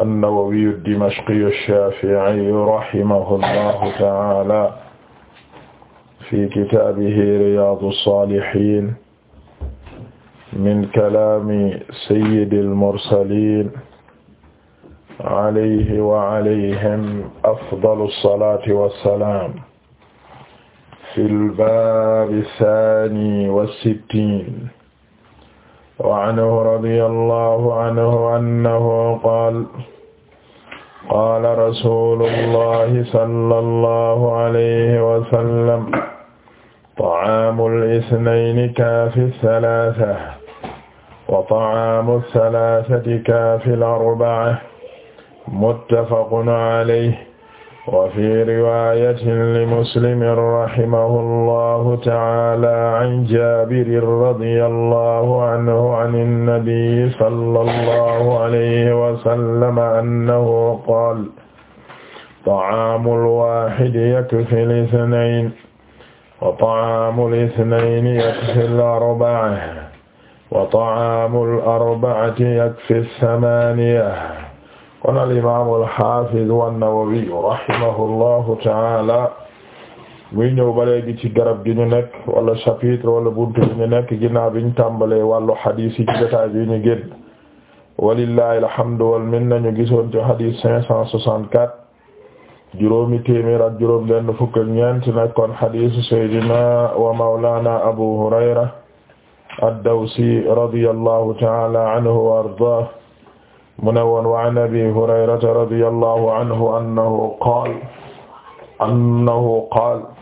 an-Nawawi ad-Dimashqi ash-Shafi'i rahimahullahu ta'ala fi kitaabihi Riyaadu s-Saalihiin min kalaami sayyidil mursaliin alayhi wa alayhim afdalu s-salaati wa s-salaam fil baabi saani wa sittiin wa anhu radiyallahu anhu annahu qaala qaala rasulullahi sallallahu alayhi wa sallam ta'aamul isnayni kaafil salaasa wa ta'aamul salaasati kaafil arba'a muttafaqun alayhi wa fi riwaayatin li muslimin rahimahullahu ta'aala an jaabirin radiyallahu anhu ani nabiyyi sallallahu alayhi wa sallam annahu qaala ta'aamul waahidi yakfil isnayni wa ta'aamul isnayni yakfil arba'ata wa ta'aamul arba'ati yakfis samaaniyata kon al-imaam al-haafiz taala muy ñëw ba léegi ci garab gi ñu nekk wala chapitre wala buntu gi ñu nekk ginnaaw bi ñu tàmbalee wàllu xadiis yi ci jotaay bi ñu génn walillahi alhamdu wal minna ñu gisoon ci xadiis cinq cent soixante-quatre juróomi téeméer ak juróom benn fukk ak ñeent nekkoon xadiisu saydina wa mawlaana Abu Hurayra ad-Dawsi radiyallahu taala anhu wa ardaahu mu ne woon wa an abi hurayrata radiyallahu anhu annahu qaala annahu qaala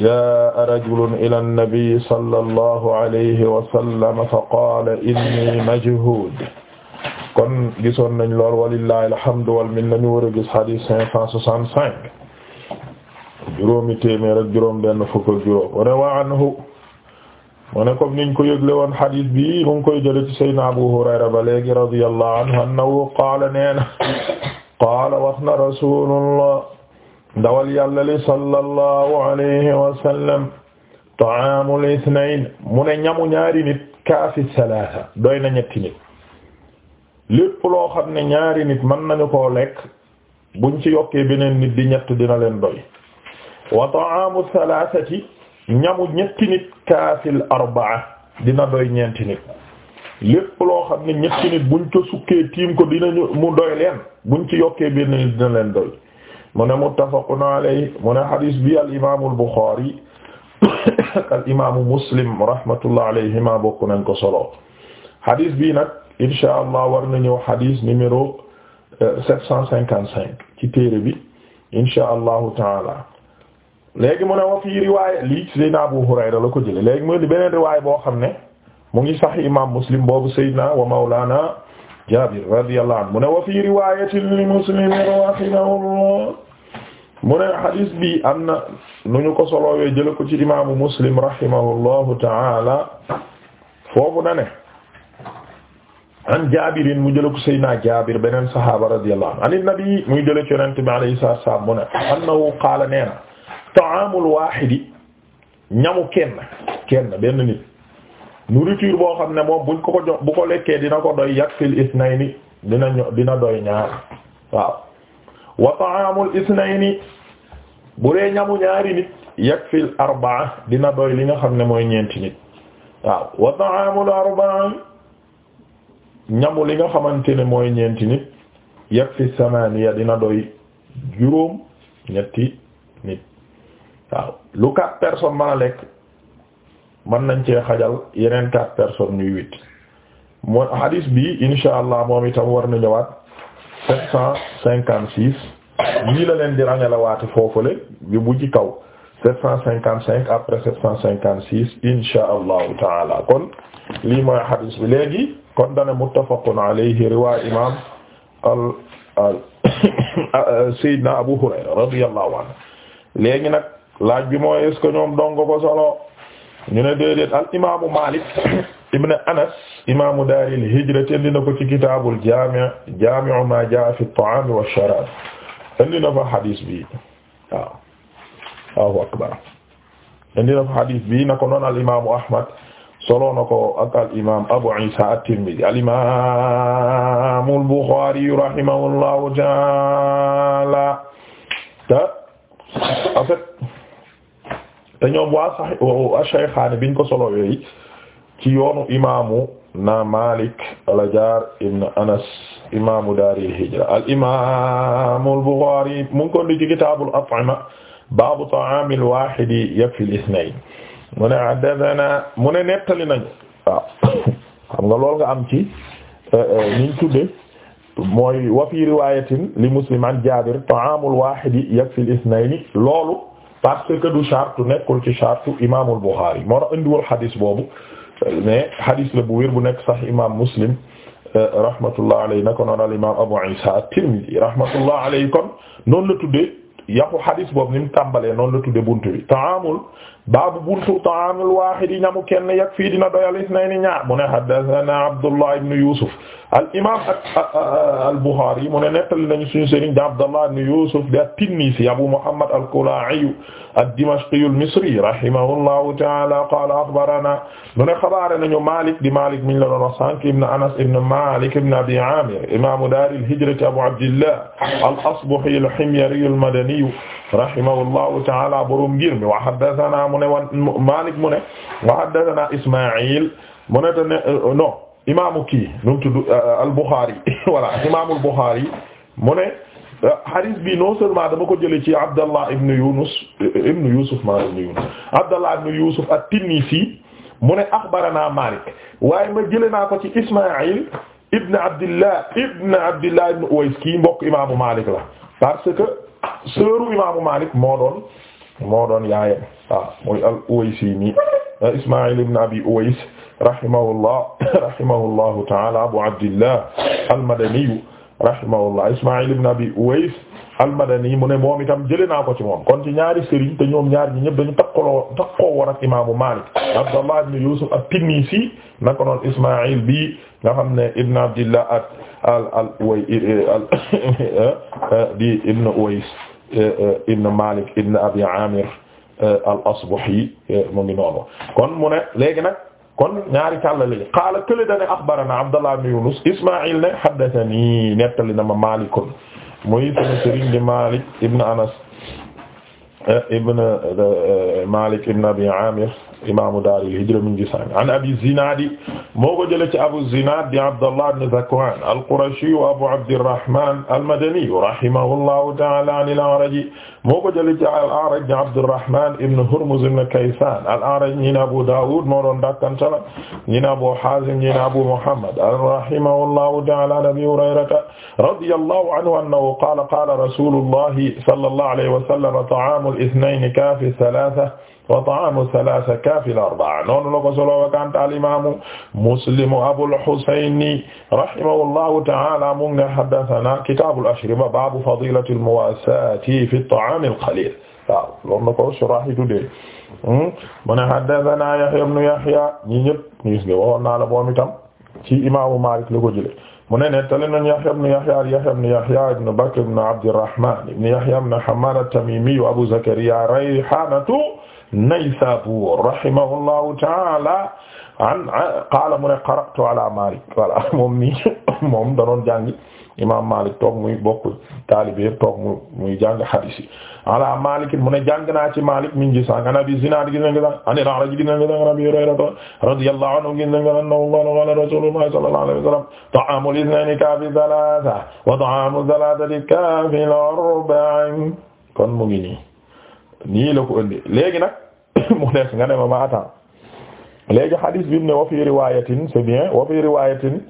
jaa'a rajulun ila an-nabi sallallahu alayhi wa sallam fa qaala inni majhuud kon gisoon nañ lool walillahi alhamdu wal minna ñu war a gis hadith cinq cent soixante-cinq juróomi téeméer ak juróom benn fukk ak juróom mu ne comme niñ ko yëgle woon xadis bi mu ngi koy jële ci sayyidina Abu Hurayra ba léegi radiyallahu anhu annahu qaala nee na qaala wax na rasulullah ndawal yàlla li sallallahu alayhi wa sallam ta'aamul mu ne ñamu ñaari nit kaafi salaasa doy na ñetti nit lépp loo xam ne ñaari nit mën nañu ko lekk buñ ci yokkee beneen nit di ñett dina leen doy wa ta'aamu salaasati ñamu ñetti nit kaafil dina doy ñeenti nit lépp loo xam ne ñetti nit buñ ko sukkee tiim ko dinañu mu doy leen buñ ci yokkee bi nit dina leen doy mu ne muttafaqun alayhi mu ne hadis bi al imaamu al Buxaari al imaamu Muslim rahmatullah alayhima bokk nañ ko solo hadis bi nag insha allah war na ñëw hadis numéro 755 euh, ci téere bi insha allahu taala léegi mu ne wa fii riwaaya lii Seydina Abu Hurayra la mu ne beneen riwaaya xam ne mu ngi sax imaam Muslim boobu Seydina wa Mawlaana Jaabir radiyallahu anhu mu ne wa fii riwaayatin li Muslim rahimahullah mu ne hadis bi am na nu ñu ko soloowee jële ko ci imaamu Muslim rahimahullahu ta'ala foofu na ne an Jaabirin mu jële ko Seydina Jaabir beneen sahaaba radiyallahu anhu an nabi muy jële ci Yonent bi nee ta'amul waahidi ñamu kenn kenn benn nit nourriture boo xam ne moom buñ ko ko jox bu ko lekkee dina ko doy yakfil isnayni dina dina doy ñaar waaw wa ta'amul isnayni bu dee ñamu ñaari nit yakfil arbaa dina doy li nga xam ne mooy ñeenti nit waaw wa ñamu li nga xamante ne mooy ñeenti nit yakfi samaniya dina doy juróom ñetti nit waaw lu quatre personnes mën lekk mën nañ cee xajal yeneen quatre personnes ñuy huit mooy bi insha allah moom itam war na ñëwaat sept cent cinquante six nii la leen di ràññalawaate foofule bi bu kaw sept cent cinquante cinq après sept cent cinquante six insha allahu taala kon lii mooy hadis bi kon dane muttafaqun alayhi riwaay imam al abu hurayra radiyallahu anhu léegi nag laaj bi mooy est-ce que ñoom dong ko solo ñu ne déedéet al imaamu Malik ibn Anas imaamu daaril hijra te indi na ko ci kitaabul jaami' jaami'u maa jaa'a fi at-ta'aam wa sharaab indi na fa xadiis bi waaw Allahu akbar indi na fa xadiis bi na ko noon al imaamu Ahmad solo na ko ak al imaam Abu Isa at-Tirmidhi al imaamul Buxaari rahimahullahu ta'aala te ñoom waa Shaykhaani biñ ko solo ci yoonu imaamu na Malik al-Ajjar ibn Anas imaamu daaril hijra al imaamu al-Bukhaari mu ko indi ci kitaabul at'ima baabu ta'aamil waahidi yakfil isnayn mu ne haddathanaa mu ne nettali nañu waaw nga lool nga am ci eh, eh, niñ tudde mooy wa fii riwaayatin li Muslim an Jaabir ta'aamul waahidi yakfil isnayn loolu parce que du charte nekkul ci charte imaamul Buxaari moo tax indiwul xadis boobu mais xadis la bu wér bu nekk sax imaam Muslim rahmatullah alayhi na ko noonu al imaam Abu Isa at-Tirmidhi rahmatullah alayhi kon noonu la tuddee yàqu xadis boobu ni mu tàmbalee noonu la tuddee buntu bi taamul baabu buntu ta'aamul waahidi ñamu kenn yak fii dina doyal isnayni ñaar mu ne haddasanaa Abdullah ibn Yusuf al imaam al Buxaari mu ne nettali nañu suñu sëriñ Abdullah ibn Yusuf di at-Tinnisi Abu Muhammad al-Kalaa'i ad-Dimashqi al-Misri rahimahullahu ta'aala qaala axbaranaa mu ne xabaare nañu Maalik di Maalik mi ñu la doon wax sànq ibn Anas ibn Maalik ibn Abi Aamir imaamu daari al-hijrati Abu Abdillah al-Asbahi al-Himyari al-Madani rahimahullahu ta'aala borom ngir mi wa haddasanaa mu ne wan Malik mu ne wa haddathana Ismaïl mu ne te ne euh, non imaamu kii nu mu tudd euh, euh, al-Bukhari voilà imaamul Bukhari mu ne hadith bi non seulement dama ko jëlee ci Abdallah ibn Yunus ibn Yusuf maa ibn Yunus Abdallah ibn Yusuf at-Tinnisi mu ne axbarana Malik waaye ma jëlee naa ko ci Ismaïl ibn Abdillah ibn Abdillah ibn Uways kii mbokk imaamu Malik la parce que sœuru imaamu Malik moo doon. moo doon yaayam waaw ah, muy al Uwaysini ah, Ismaïl ibn Abi Uways rahimahullah rahimahullahu ta'ala Abu Abdillah al-Madani rahimahullah Ismaïl ibn Abi Uways al-Madani mu ne moom itam jëlee naa ko ci moom kon ci ñaari sëriñ te ñoom ñaar ñi ñëpp dañu takkaloo takkoo war ak imaamu Maalik Abdallah ibn Yusuf at-Tinnisi naka noonu Ismaïl bi nga xam ne ibn Abdillah al al Uways eh, eh, di ibn Uways ibn Malik ibn Abi Amir euh, al-Asbahi euh, mu ngi noonu kon mu ne léegi nag kon ñaari càllale ji qaala kële dane axbarana Abdallah ibn Yunus Ismaïl ne haddathani nettali na ma Malikun muy sama sëriñ di Malik ibn Anas euh, ibn Malik ibn Abi Amir imaamu daaril hijra min ngi sànq an abi zinaadi moo ko jëlee ci abu zinaad di abdallah ibn zakwaan al-qurashi wa abu abdirrahman al-madani rahimahullahu ta'ala an al-a'raj moo ko jëlee ci al-a'raj di abdirrahman ibn hurmuz ibn kaysaan al-a'raj ñi ne abu daawud moo doon dàkkantala ñi ne abu haazim ñi ne abu muhammad rahimahullahu ta'ala an abi hurayrata radiyallahu anhu annahu qaala qaala rasulullahi sallallahu alayhi wa sallam ta'aamul ithnayni kaafi thalaatha wa ta'aamu salaasa kaafil arba'a noonu la ko solo wakant al imaamu Muslim Abul Husayni rahimahullahu ta'aala mu ngi haddasanaa kitaabul ashriba baabu fadiilatil muwaasaati fi ta'aamil qaliil waaw loolu la ko surah yi tuddee hmm? mu ne haddasanaa Yahyaa ibnu Yahyaa ñi ñëpp ñu gis nga waxoon naa la moom itam ci imaamu Maalik la ko jëlee mu ne nettali nañu Yahya ibn Yahya Yahya ibn Yahya ibn Bakr ibn Abdirrahman ibn Yahya ibn Hammaad at-Tamiimi Abu Zakariyaa Rayhaanatu Naysabur rahimahullahu ta'ala an qaala mu ne qara'tu ala Malik voilà moom mi moom da doon jàng imaam Malik toog muy bokk taalibe toog muy muy jàng hadiis yi ala Malik mu ne jàng naa ci Malik min ji sànq ana bi Zinaad gis nañ ko sax ani A'raj gis nañ ko sax Abi Hurayra radiyallahu anhu gis nañ ko annahu qaala qaala Rasulullah sallallahu alayhi wa sallam ta'aamul ithnayni kaafi thalaatha wa ta'aamu thalaatha kaafi arba'in kon mu ngi nii nii la ko léegi nag nga ne ma ma attend léegi hadis bi mu ne wa fi riwayatin c'est bien wa fi riwayatin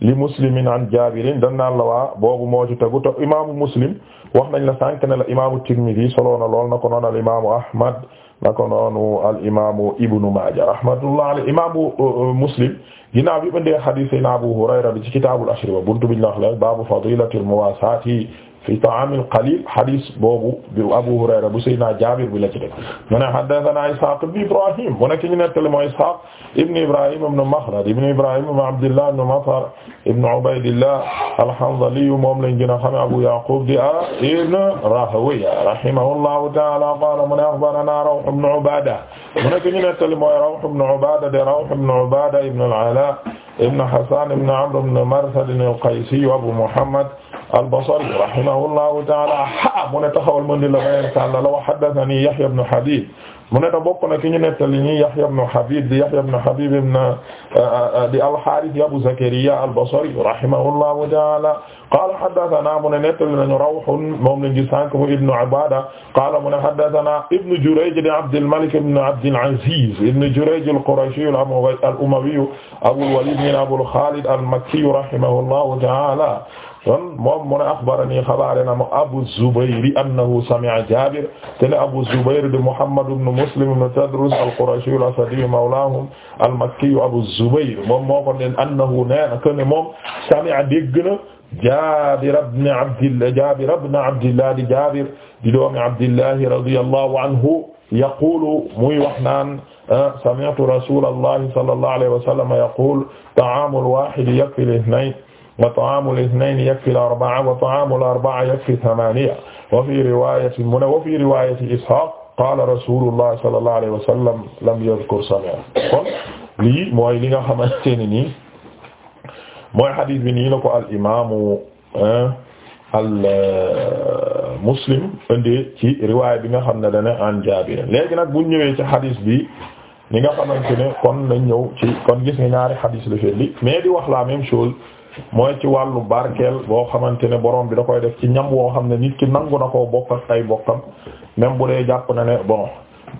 li muslimin an jabirin dan naan la waa boobu moo te tegu te imaamu muslim wax nañ la sànq ne la imaamu tirmidi soloo na lool na ko noonu al imaamu ahmad na ko noonu al imaamu ibnu maaja rahmatullah ala imaamu uh, uh, muslim ginnaaw bi indee hadis yi na abu hurayra bi ci kitaabul ashriba buntu biñ la wax la baabu fadilatil fi ta'amil qalil hadis boobu bi Abu Hurayra bu Seydina Jaabir bi la ci def mu ne haddathana Ishaq ibn Ibrahim mu nekk ñu nettali mooy Ishaq ibn Ibrahim ibn Makhlad ibn Ibrahim ibn Abdillah ibn Matar ibn Ubaydillah al-Hanzali moom lañ gën a xam Abu Yaqub di ibn Rahawayh rahimahullahu ta'ala qala mu ne akhbarana Rawh ibn Ubada mu nekk ñu nettali mooy Rawh ibn Ubada de Rawh ibn Ubada ibn al-Ala ibn Hasan ibn Amr ibn Marsad al-Qaysi Abu Muhammad al-Basri rahimahullahu ta'ala ha mu ne taxawal ma ni la beneen kàlla la wa haddathani Yahya ibn Habib mu ne ta bokk na ki ñu nettali ñi Yahya ibn Habib di Yahya ibn Habib ibn uh, uh, di al-Harith Abu Zakariya al-Basri rahimahullahu ta'ala qala haddathana mu ne nettali nañu Rawh moom lañ gis sànq mu ibn Ubada qala mu ne haddathana ibn Jurayj di Abdul Malik ibn Abdul Aziz ibn Jurayj al-Qurashi al-Umawi Abu al-Walid min Abu Khalid al-Makki rahimahullahu ta'ala kon moom mu ne axbarani xabaare na mu Abu Zubayr annahu sami'a Jaabir te ne Abu Zubayr di Muhammad ibn Muslim ibn Tadrus al-Qurashi al-Asadi mawlaahum al-Makki Abu Zubayr moom moo ko nen annahu nee na que ne moom sami'a dégg na Jaabir ibn Abdillah Jaabir ibn Abdillah di Jaabir di doomi Abdillah radiyallahu anhu yaqulu muy wax naan ah, sami'tu rasuulallahi sallallahu alayhi wa sallam yaqulu ta'aamul waahidi yakfil ithnayn wa ta'aamul ithnayni yakfil arba'a wa ta'aamul arba'a yakfi thamaaniya wa fii riwaayatin mu ne wa fii riwaayati Ishaaq qaala rasuulullaah sallallaahu alayhi wa sallam lam yadhkur sami'a kon lii mooy li nga xamante ne nii mooy xadiis bi nii la ko al imaamu al euh, muslim indi ci riwaay bi nga xam ne dana an Jaabir léegi nag bu ñëwee ci xadiis bi. li nga xamante ne kon lañ ñëw ci kon gis nga ñaari xadiis la fii mais di wax la même chose. mooy ci wàllu barkeel boo xamante ne borom bi da koy def ci ñam woo xam ne nit ki nangu na koo bokk ay bokkam même bu dee jàpp na ne bon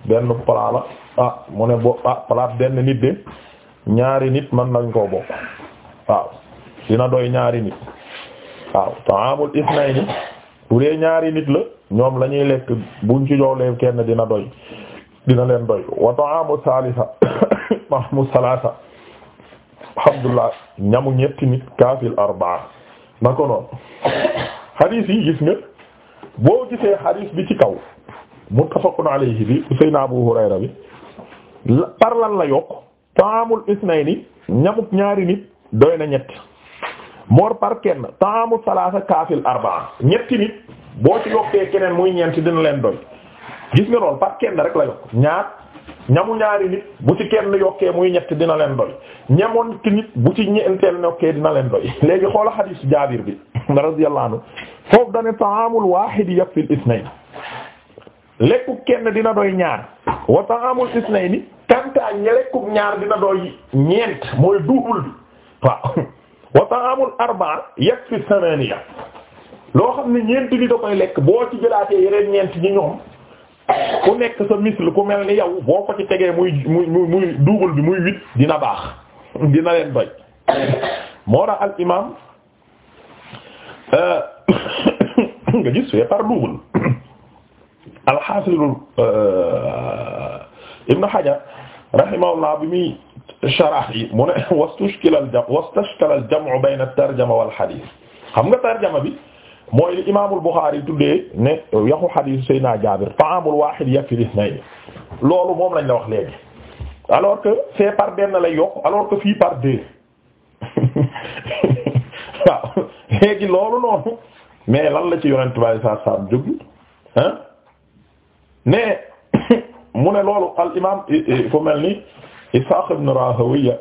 benn plat la ah mu ne bo ah plat benn nit de ñaari nit mën nañ ko bokk waaw dina doy ñaari nit waaw ta'amul isnayni bu dee ñaari nit la ñoom lañuy lekk buñ ci joolee kenn dina doy dina leen doy wa ta'amu salisa mahmu salasa alhamdulillah ñamu ñetti nit kaafil arbaa na ko noonu xadiis yi gis nga boo gisee xadiis bi ci kaw muttafaqun alayhi bi Seydina Abu Hurayra bi par lan la yokk taamul isnayni ñamuk ñaari nit doy na ñett moor par kenn taamul salaasa kaafil arbaa ñetti nit boo ci yokkee keneen muy ñeent dina leen doy gis nga lool par kenn rek la yokk ñaar ñamu ñaari nit bu ci kenn yokkee muy ñett dina leen doy ñamoon ki nit bu ci ñeenteel yokkee dina leen doy léegi xoola xadiis jaabir bi radiyallahu anhu foofu dane ta'amul wahid yakfil isnayn lekku kenn dina doy ñaar wa ta'amul isnayn kantaa ñe lekkub ñaar dina doy ñeent mooy duubul bi waaw wa ta'amul arba'a yakfi thamaniya loo xam ne ñeent li da lekk boo ci jëlaatee yeneen ñeent ñi ñoom ku nekk sa misle ku mel ni yow boo ko ci tegee muy muy muy double bi muy dina baax dina leen doy moo tax al imam euh, nga gis fee par double alxaafizul euh, ibnu hajar rahimahullah bi muy sharah yi mu ne wastashkala al jam'u bayna at-tarjama wal hadith xam nga tarjama bi mooy li imaamul Buxaari tuddee ne yaxu xadiis Seydina Jaabir ta'aamul waahid yakfi lisnayni loolu moom lañ la wax léegi alors que c'est par benn lay yokk alors que fii par deux waaw loolu noonu mais lan la ci yonent bi saa saam jóg ah mu ne loolu al imaam fu mel ni Isaaq ibn Raahawayh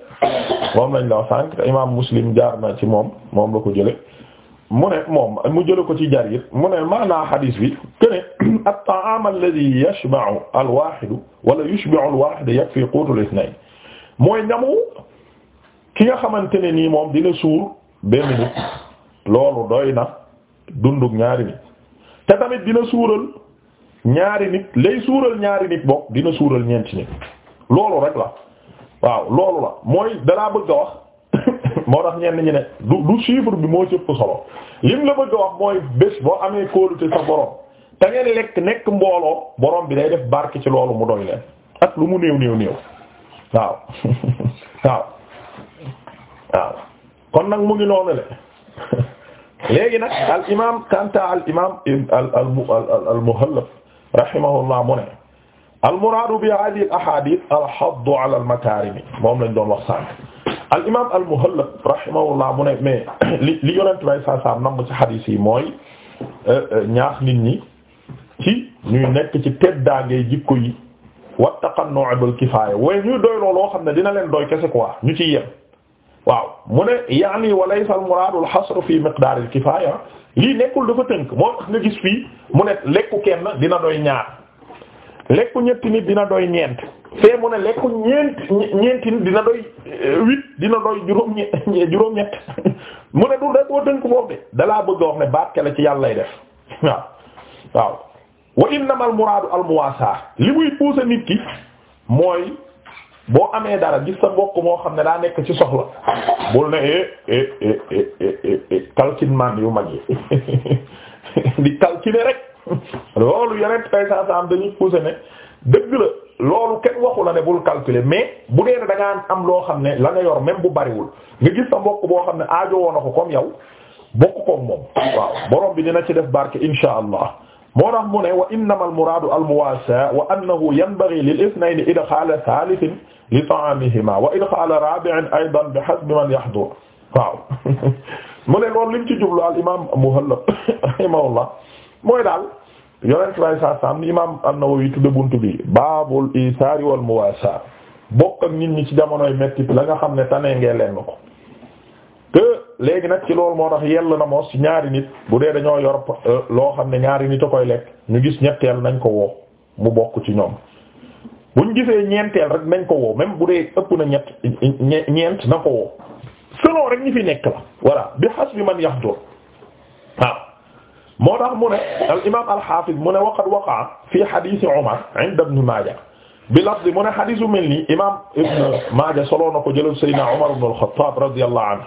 moom lañ la wax sànq imaam Muslim jaar na ci moom moom la ko jële mu ne moom mu jële ko ci Jarir mu ne maanaa xadiis bi kene at-ta'aam alladhi yashba'u al-waahid wala yushbi'u al-waahid yakfi quutu al-ithnayn mooy ñamu ki nga xamante ne nii moom dina suur benn nit loolu doy na dunduk ñaari nit te tamit dina suural ñaari nit lay suural ñaari nit bokk dina suural ñeenti nit loolu rek la waaw loolu la mooy dalaa bëgg a wax moo tax ñenn ñi ne du du chiffre bi moo ci ëpp solo lim la bëgg a wax mooy bés boo amee kóolute sa borom te ngeen lekk nekk mbooloo borom bi day def barke ci loolu mu doy leen ak lu mu néew néew néew waaw waaw waaw kon nag mu ngi noonu le léegi nag al imaam kanta al imaam al al al muhallab rahimahullah mu ne al muraadu bi hadihi al ahadith al hadd ala al makarim moom lañ doon wax sànq. al imaam al muhallab rahimahullah mu ne mais li li yonent bay saa saa namm ci xadiis yi mooy euh, euh, ñaax nit ñi ci ñuy nekk ci teddaangee jikko yi wa taqannu' bil kifaaya waaye ñuy doy looloo xam ne dina leen doy kese quoi ñu ciy yem. waaw mu ne yaani wa laysa al muraadu al hasr fi miqdaar al kifaaya lii nekkul dafa tënk moo tax nga gis fii mu ne lekku kenn dina doy ñaar lekku ñetti nit dina doy ñeent. fee mu ne lekku ñeent ñeenti dina doy euh, huit dina doy juróom ñe- juróom ñett mu ne du da doo tënk boobu de dalaa bëgg a wax ne barke la ci yàlla lay def waaw waaw wa innamal muraadu al li muy pousser nit ki mooy boo amee dara gis sa mbokk moo xam ne daa nekk ci soxla bul ne ee eh, eh, eh, yu mag yi di rek loolu yeneen tay saa saa am dañuy pousser ne dëgg la loolu kenn waxu la ne bul calculer mais bu dee da am loo xam ne la yor même bu bariwul nga gis sa boo xam ne aajo woon na ko comme yow bokk koog moom waaw borom bi dina ci def barke insha allah moo tax mu ne wa innama al muraadu al muwaasa wa annahu yanbaghi lil ithnayni idxaala thalithin li ta'amihima wa idxaala rabi'in aydan bi hasbi man yahdur waaw mu ne loolu lim ci jublu al imam muhallab rahimahullah mooy daal yonent lay saa saam ni imaam an-Nawawi tudde bunt bi baabul saari wal muwaasa bokk ak nit ñi ci jamonoy metti la nga xam ne tane ngee leen ko que léegi nag ci loolu moo tax yell na moos ci ñaari nit bu dee dañoo yor euh, loo xam ne ñaari nit a koy lekk ñu gis ñetteel nañ ko woo mu bokk ci ñoom buñ gisee ñeenteel rek nañ ko woo même bu dee ëpp na ñett ñeent na ko woo selon rek ñi fi nekk la voilà bi hasbi man yahdur waaw moo tax mu ne al imaam al xaafis mu ne waqad waqa'a fi hadith Umar inda Ibn Maaja bi lafzi mu ne hadith mel nii imaam Ibn Maaja solo na ko jëlal Seydina Umar ibn al-Khattab radiyallahu anhu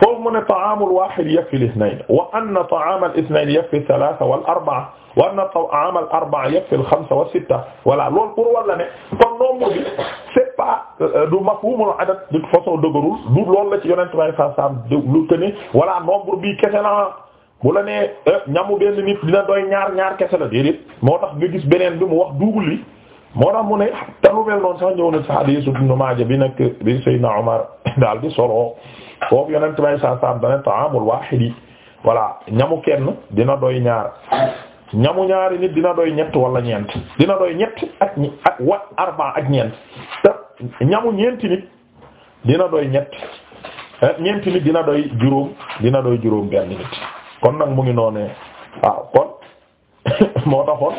foofu mu ne ta'aamu al-waahid yakfi al-ithnayn wa anna ta'aama al-ithnayn yakfi al-thalaatha wal-arba'a wa anna ta'aama al-arba'a yakfi al-khamsa was-sitta voilà loolu pour walla ne kon nombre bi c'est pas euh, du mafhumul adad de façon dëgërul du loolu la ci yonent may sa sam lu te ni voilà nombre bi kese la bu la nee eh, ñamu benn nit dina doy ñaar ñaar kese la déedéet moo tax nga gis beneen bi mu wax duugul li moo tax mu ne te lu mel noonu sax ñëw na sax di Ibn Maaja bi nag bi Seydina Omar daal di solo foofu yonent bay sa sam dane ta'amul waahidi voilà ñamu kenn dina doy ñaar ñamu ñaari nit dina doy ñett wala ñeent dina doy ñett ak ak wat arba ak ñeent te ñamu ñeenti nit dina doy ñett eh, ñeenti nit dina doy juróom dina doy juróom benn nit kon nag mu ngi noonee waaw kon moo taxoon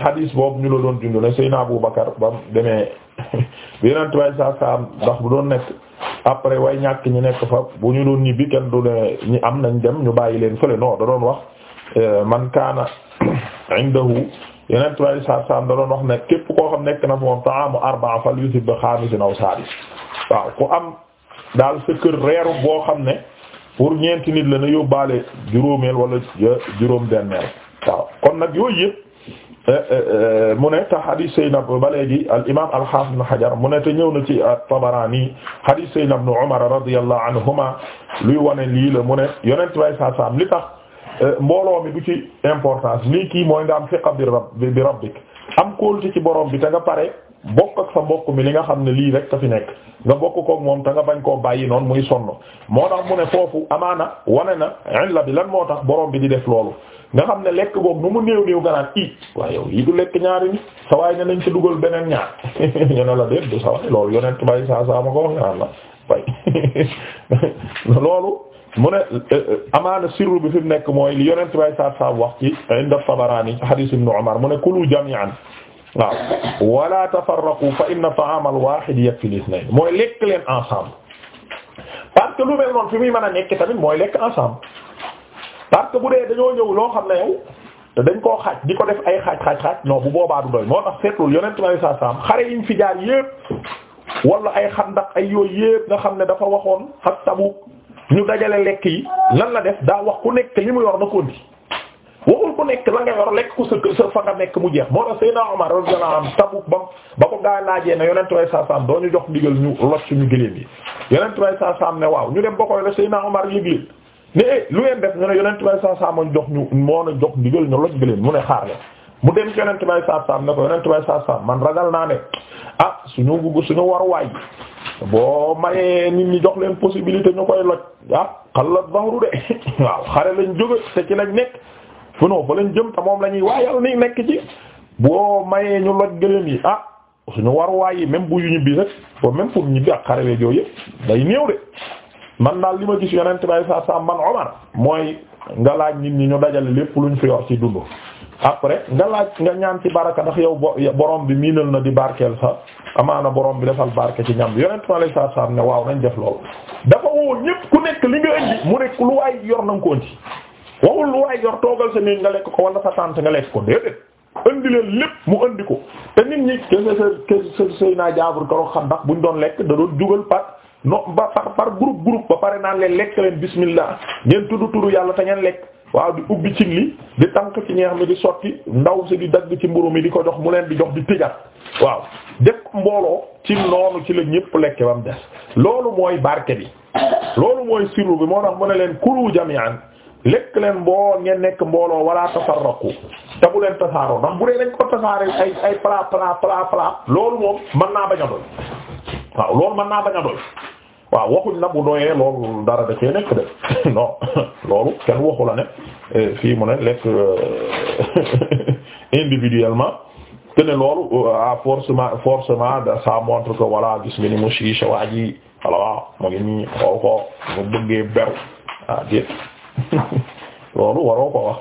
hadis boobu ñu la doon dund ne Seydina bu Bakar ba mu demee yeneen tubaab yi saa saa ndax bu doon nekk après way ñàkk ñu nekk fa bu ñu doon ñibbi kenn du ne ñi am nañ dem ñu bàyyi leen fële non da doon wax euh, man kaana indahu yeneen tubaab yi saa saa da doon wax ne képp koo xam nekk na moom ta'amu arba'a falyusib bi xaamisin aw saadis waaw ku am daal sa reeru boo xam ne. pour ñeenti nit la na yóbbaale juróomeel wala juróom benneel waaw kon nag yooyu yëpp eh, eh, eh, mu ne te hadith Sayyidina ba léegi al imaam al hafiz ibn Hajar mu ne te ñëw na ci Tabarani hadith Sayyidina ibn Umar radiyallahu anhuma luy wane lii la mu ne yonent way saa saam li tax mbooloo mi du ci importance lii ki mooy nga am fiqa bi rabbik am kóolute ci borom bi te pare bokk ak sa mbokk mi li nga xam ne lii rek a fi nekk nga bokk kook moom te nga bañ koo bàyyi noonu muy sonn moo tax mu ne foofu amaana wane na illa lan moo tax borom bi di def loolu nga xam ne lekk goog nu mu néew néew nga naan i waaye yow lii du ne dugal beneen ñaar ñu ne la déet du sa waay loolu yonent bay saa euh, euh, amaana sirru bi fi nekk mooy li yonent bay saa saa wax ci inda Tabarani hadith ibn Umar mu ne kulu jami'an waaw wala tafarraqu fa inna ta'ama al-wahid yakfi al-ithnayn mooy lekk leen ensemble parce que lu mel noonu fi muy mën a nekk tamit mooy lekk ensemble parce que bu dee dañoo ñëw loo xam ne yow te dañ koo xaaj di ko def ay xaaj xaaj xaaj noo bu boobaa du doy moo tax seetlul yonent sallallahu alayhi wasallam xare yiñ fi jaar yépp wala ay xandax ay yooyu yépp nga xam ne dafa waxoon ak tabu ñu dajale lekk yi nan la def daa wax ku nekk li mu yor na ko indi waxul ku nekk la nga lekk ku sa sa fa nga nekk mu jeex moo tax Seydina Omar radiyallahu anhu Tabuk ba ba ko gaa laajee ne yonent way saa doo ñu jox ndigal ñu lot suñu gëléem yi waaw ñu dem ba koy la Seydina Omar yëgle ne eh def ñu ne yonent way saa saam jox ñu moo na jox ndigal ñu lot mu ne xaar leen mu dem ci yonent way saa saam ne ko yonent way saa man ragal naa ne ah suñu su ñu war waay boo mayee nit ñi jox leen possibilité ñu koy loj ah xalaat bahru de waaw xare lañ jóge te ci lañ nekk fu noo fa lañ jëm te moom la ñuy waayal ni nekk ci boo mayee ñu loj gëléem yi ah ñu war waay yi même bu yu ñibbi rek bo même pour ñibbi ak xarewee jooyu yëpp day néew de man daal li ma gis yonent bay sa sa man Omar mooy nga laaj nit ñi ñu dajale lépp lu ñu fi yor ci dund après nga laaj nga ñaan ci baraka ndax yow borom bi miinal na di barkeel sa amaana borom bi defal barke ci ñam bi yonent ma lay saa saa nga waaw nañ def lool dafa woo ñépp ku nekk li na ko waxul lu waay jor toogal sa néeg nga lekk ko wala fa tànt nga lekk ko déedéet indi leen lépp mu indi ko te nit ñi kese sa sëy naa jaabur keroog xam ndax ñu doon lekk da doon jugal pat no ba par par group ba pare naa leen lekk leen bismillah ngeen tudd turu yàlla te ngeen lekk waaw di ubbi cin li di tànk ci ñeex mi di sotti ndaw si di dagg ci mburu mi di ko jox mu leen di jox di tëjat waaw def mbooloo ci noonu ci la ñëpp lekk ba mu loolu mooy barke bi loolu mooy siru bi moo tax mu ne leen kulu jami'an lekk leen mboo ngeen nekk mbooloo walaa tafarraqu te bu leen tasaaroo ndax bu dee dañ ko tasaaree ay plat plat plat loolu moom mën naa bañ waaw loolu mën naa bañ waaw waxuñ na bu doyee loolu dara da cee nekk de non loolu kenn waxu la ne eh, fii mu ne lekk euh, individuellement te ne loolu ah forcément forcément montre que voilà gis nga ni mu siy sa waa ji alors mu ngi nii xool ko mu bëggee beru ah déet. loolu waroo ko wax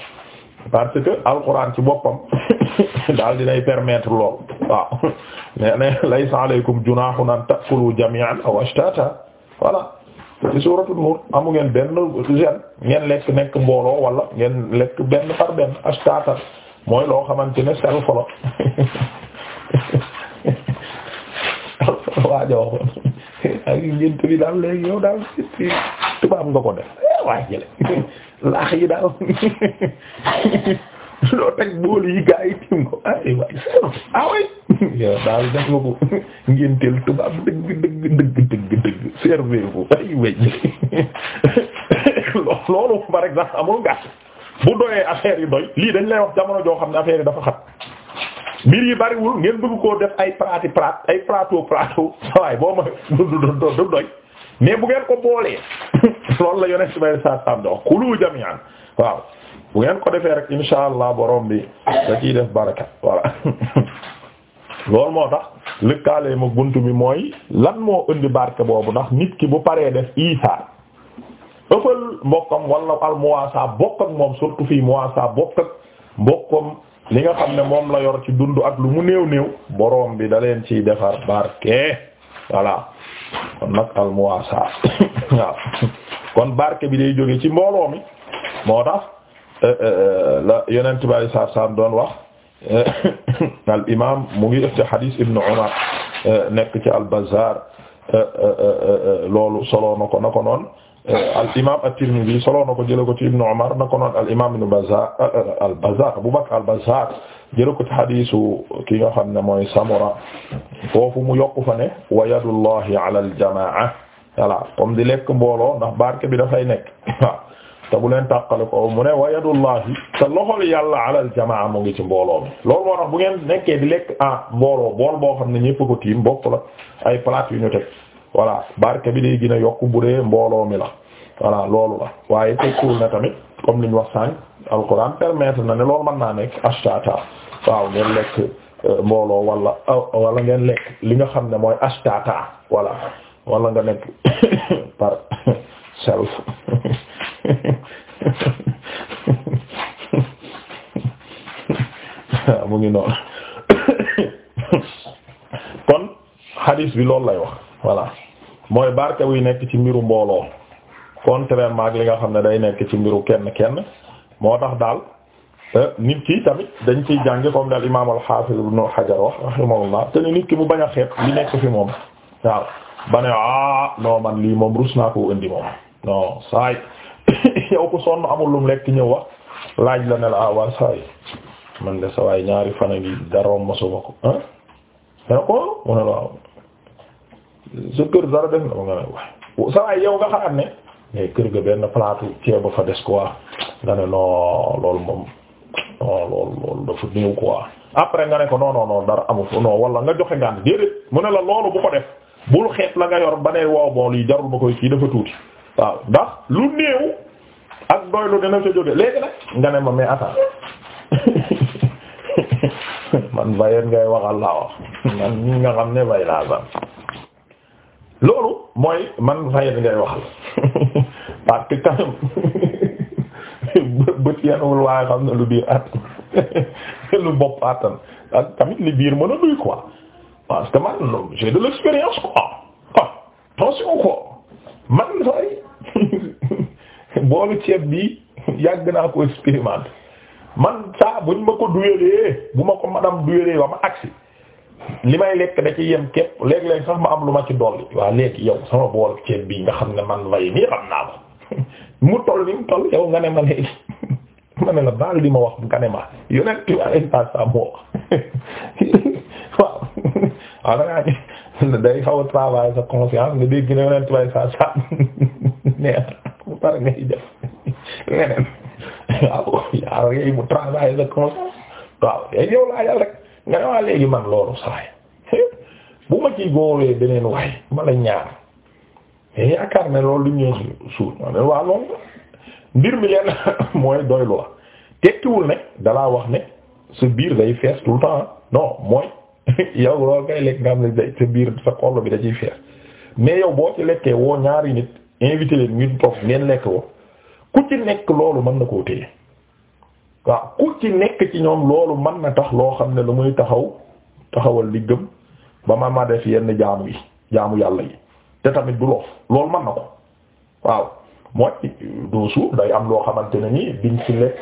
parce que alquran ci boppam daal dinay permettre lool waaw mais ne laysa alaykum junahun an ta'kulu jami'an aw ashtata voilà ci suuratul nuur amu ngeen benn gene ngeen lekk nekk mbooloo wala ngeen lekk benn par benn ashtata mooy loo xamante ne self la ak ngént bi daal léegi yow daal tubaab nga ko def eh, waa jële laax yi daal loo teg bool yi gaa yi tim ko ay waay away ah, yow daal def nga ko ngénteel tubaab dëgg dëgg dëgg dëgg dëgg servir ko ay way loolu par exemple amul gàtt bu doyee affaire yi doy lii dañ lay wax jamono joo xam ne affaire yi dafa xat mbir yi bariwul ngeen bëgg koo def ay prati prat ay plateau plateau waaye boo ma du doy mais bu ngeen ko boolee loolu la yonent bay sa sam dox kulu jami'an waaw bu ngeen ko defee rek insha allah borom bi da ciy def baraka voilà loolu moo tax lëkkaalee ma bunt bi mooy lan moo indi barke boobu ndax nit ki bu paree def isaar ëppal mbokkam wala al muwaasa bokk ak moom surtout fii muwaasa bokk ak mbokkam li nga xam ne moom la yor ci dund ak lu mu néew néew boroom bi da leen ciy defar barke voilà kon nag almuwaasa waaw kon barke bi day jóge ci mbooloo mi moo tax euh, euh, euh, la yonent bi saa saam doon wax al imaam mu ngi def ci hadis Ibn Umar nekk ci al Bazzar loolu solo na ko na ko noon al imaam at-Tirmidhi solo na ko jëlee ko ci Ibn Umar na ko noon al imaam Ibn Bazzar al Bazzar Abu Bakr al Bazzar jëlee ko ci hadiisu ki nga xam ne mooy Samura foofu mu yokku fa ne wa yadullahi ala al jamaa voilà comme di lekk mbooloo ndax barke bi dafay nekk waaw te bu tàqale ko mu ne wa yadullahi te loxol yàlla ala jamaa mu ngi ci mbooloo mi loolu moo lekk ah mbooloo bool boo xam ne ñëpp ko tiim bokk ay plate yu ñu teg voilà barke bi day gën a yokk bu dee mbooloo mi la voilà loolu la waaye tekkiwul na tamit comme li wax sànq alquran permettre na ne loolu man naa nekk ashtata waaw ngeen lekk euh, mbooloo wala euh, wala ngeen lekk li nga xam ne mooy ashtata voilà wala nga nekk par self mu ngi noonu kon hadis bi loolu lay wax voilà mooy barke wuy nekk ci mbiru mbooloo contrairement ak li nga xam ne day nekk ci mbiru kenn kenn moo tax daal eh, nit ki tamit dañ ciy jànge comme daal imaam al-Hafiz Ibn Hajar wax rahimahullah te ki mu bañ a nekk fi moom waaw ah, man lii moom rus naa ko indi moom non saay yow ko sonn amul lum lekk ñëw wax laaj la ne la ah waa saay man de sa ñaari fan a ngi dara mosuma ko ah. mais kon mu ne la sa kër dara def na ba nga ne wax sa waay yow nga xalaat ne mais kër ga benn plateau ceeb ba fa des quoi nga ne non loolu moom non loolu loolu dafa néew quoi après nga ne ko non non non dara amul non wala nga joxe ngaan déedéet mu ne la loolu bu ko def bul xeet la nga yor ba ne wow bool yi jarul ma koy kii dafa tuuti waaw ndax lu néew ak doylu dina ca jóge léegi nag nga ne ma mais attends man bayen ngay waxal laa wax man ñi nga xam ne bay laa loolu mooy man fayet ngay waxal parce que quand même bët yenwul waaye xam ne lu biir àttan lu bopp àttan ak tamit li biir mën a duy quoi parce que man j'ai de l'expérience quoi ah attention quoi man say boolu ceeb bi yàgg naa ko expérimenté man saa buñ ma ko duyalee bu ma ko madame duyalee ba ma agsi li may lekk da ci yem képp léeg-léeg sax am lu ma ci dolli waa léegi yow sama bool ceeb bi nga xam ne man way nii xam naa ko mu toll ni mu toll yow nga ne ma léegi ma ne la baal di ma wax nga ne ma yonent bi alayhi salaam moo waaw waaw da ngaa gis sa conscience nga dégg pare ngay def leneen waaw yaa ngi mu travailler sa conscience waaw yow laa yàlla rek. nga ne waa léegi man loolu sawaay bu ma ci boolee beneen waay ma la ñaar mais yaakaar ne loolu li ñëw suur ma ne waa loolu mbir mi leen mooy doylu la tekkiwul ne dalaa wax ne sa biir day fees tout le temps non mooy yow loolu kay lekk nga am ne sa biir sa xol bi da ciy fees mais yow boo ci lekkee woo ñaari nit invité leen ngir toog ngeen lekk ko ku ci nekk loolu mën na koo téye waaw ku ci nekk ci ñoom loolu man na tax loo xam ne lu muy taxaw taxawal li gëm ba ma ma def yenn jaamu yi jaamu yàlla yi te tamit du loof loolu na ko waaw mooy doo suuf day am loo xamante ne nii biñ ci lekk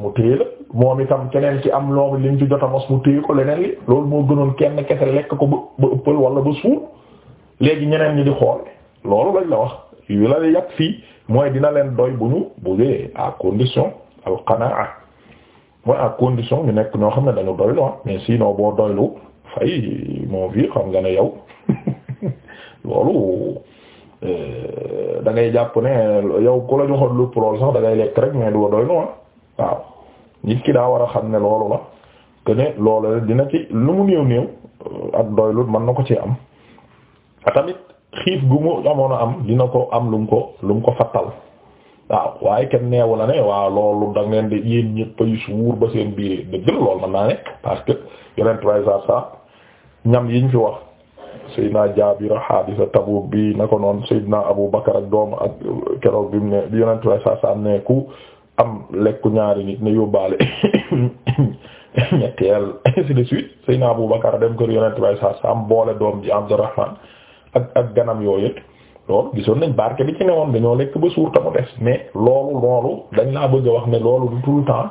mu téye la moom itam keneen ci am loom liñ ci jot a mos mu téye ko leneen li loolu moo gënoon kenn kese lekk ko ba ba ëppal walla ba suur léegi ñeneen ñi di xool loolu lañ la wax yu la yàq fii mooy dina leen doy bu ñu bu dee à condition alqanaa mooy à condition ñu nekk ñoo xam ne dañu doylu ah. mais sinon boo doylu fay moo fi xam nga ne yow loolu euh, da ngay jàpp ne yow ku la joxoon lu loolu sax da lekk rek mais doo doylu ah. waaw nit ki daa war a xam ne loolu la que ne loolu dina ci lu mu néew néew euh, ak doylu mën na ko ci am tamit xiif gu mu amoon a am dina ko am lu ko lu mu ko fattal waaw waaye kenn neewu la ne waaw loolu da ngeen di yéen ñëpp ay suur ba seen biir dëgg la loolu mën naa ne parce que yeneen trois sa ñam yiñ fi wax Seydina Jaabir hadisa Tabuk bi na ko noonu Seydina Abu Bakar ak doom ak keroog bi mu ne yeneen trois sa am ne ku am lekku ñaari nit ne yóbbaale ñetteel ainsi de suite Seydina Abu Bakar dem kër yeneen trois am boole doom ji Abdurrahman ak ak ganam yoo it loolu gisoon nañ barke bi ci newoon dañoo lekk ba suur ta mu des mais loolu loolu dañ laa bëgg a wax ne loolu du tout le temps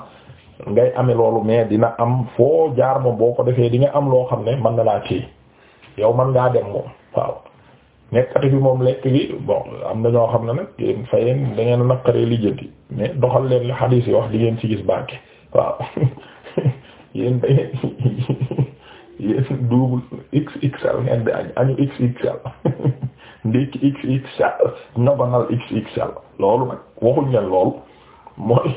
ngay ame loolu mais dina am foo jaar moom boo ko defee di am loo xam ne man nga laa téye yow man ngaa dem moom waaw nekkati bi moom lekk gi bon am na ñoo xam ne nag yéen fayeen da ngeen naqaree lijjanti mais doxal leen li xadiis yi wax di ngeen ci gis barke waaw yéen da ngeen yéen añu añu xxl ndékki XXL nabanal XXL loolu nag waxuñ leen loolu mooy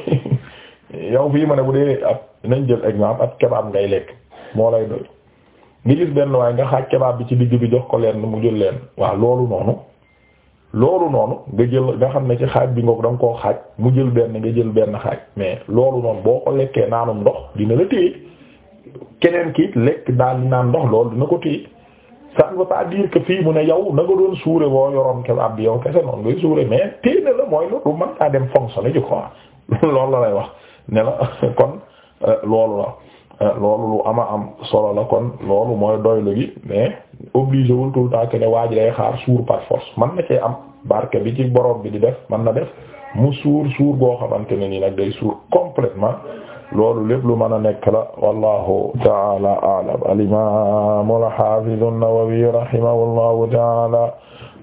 yow fii ma ne bu dee ab nañ jël exemple ab kebaab ngay lekk moo lay doy nga gis benn waaye nga xaaj kebaab bi ci digg bi jox ko leen mu jël leen waaw loolu noonu loolu noonu nga jël nga xam ne ci xaaj bi nga ko da nga koo xaaj mu jël benn nga jël benn xaaj mais loolu noonu boo ko lekkee naanum ndox dina la téye keneen ki lekk daal di naan ndox loolu dina ko téye ça ne veut pas dire fii mu ne yow na nga suure boo yoroon ke ab yow kese noonu ngay suure mais téye na la mooy loolu mën naa dem fonctionner ji quoi loolu la lay wax ne la kon euh, loolu la euh, loolu lu ama am solo la kon loolu mooy doylu gi mais obligé wul tout le temps que ne waa ji day xaar suur par force man na cee am barke bi ci boroom bi di def man na def mu suur suur goo xamante ne nii nag day suur complètement loolu lépp lu mën a nekk la wallahu ta'ala a'lam al imam al hafiz an-Nawawi rahimahullahu ta'ala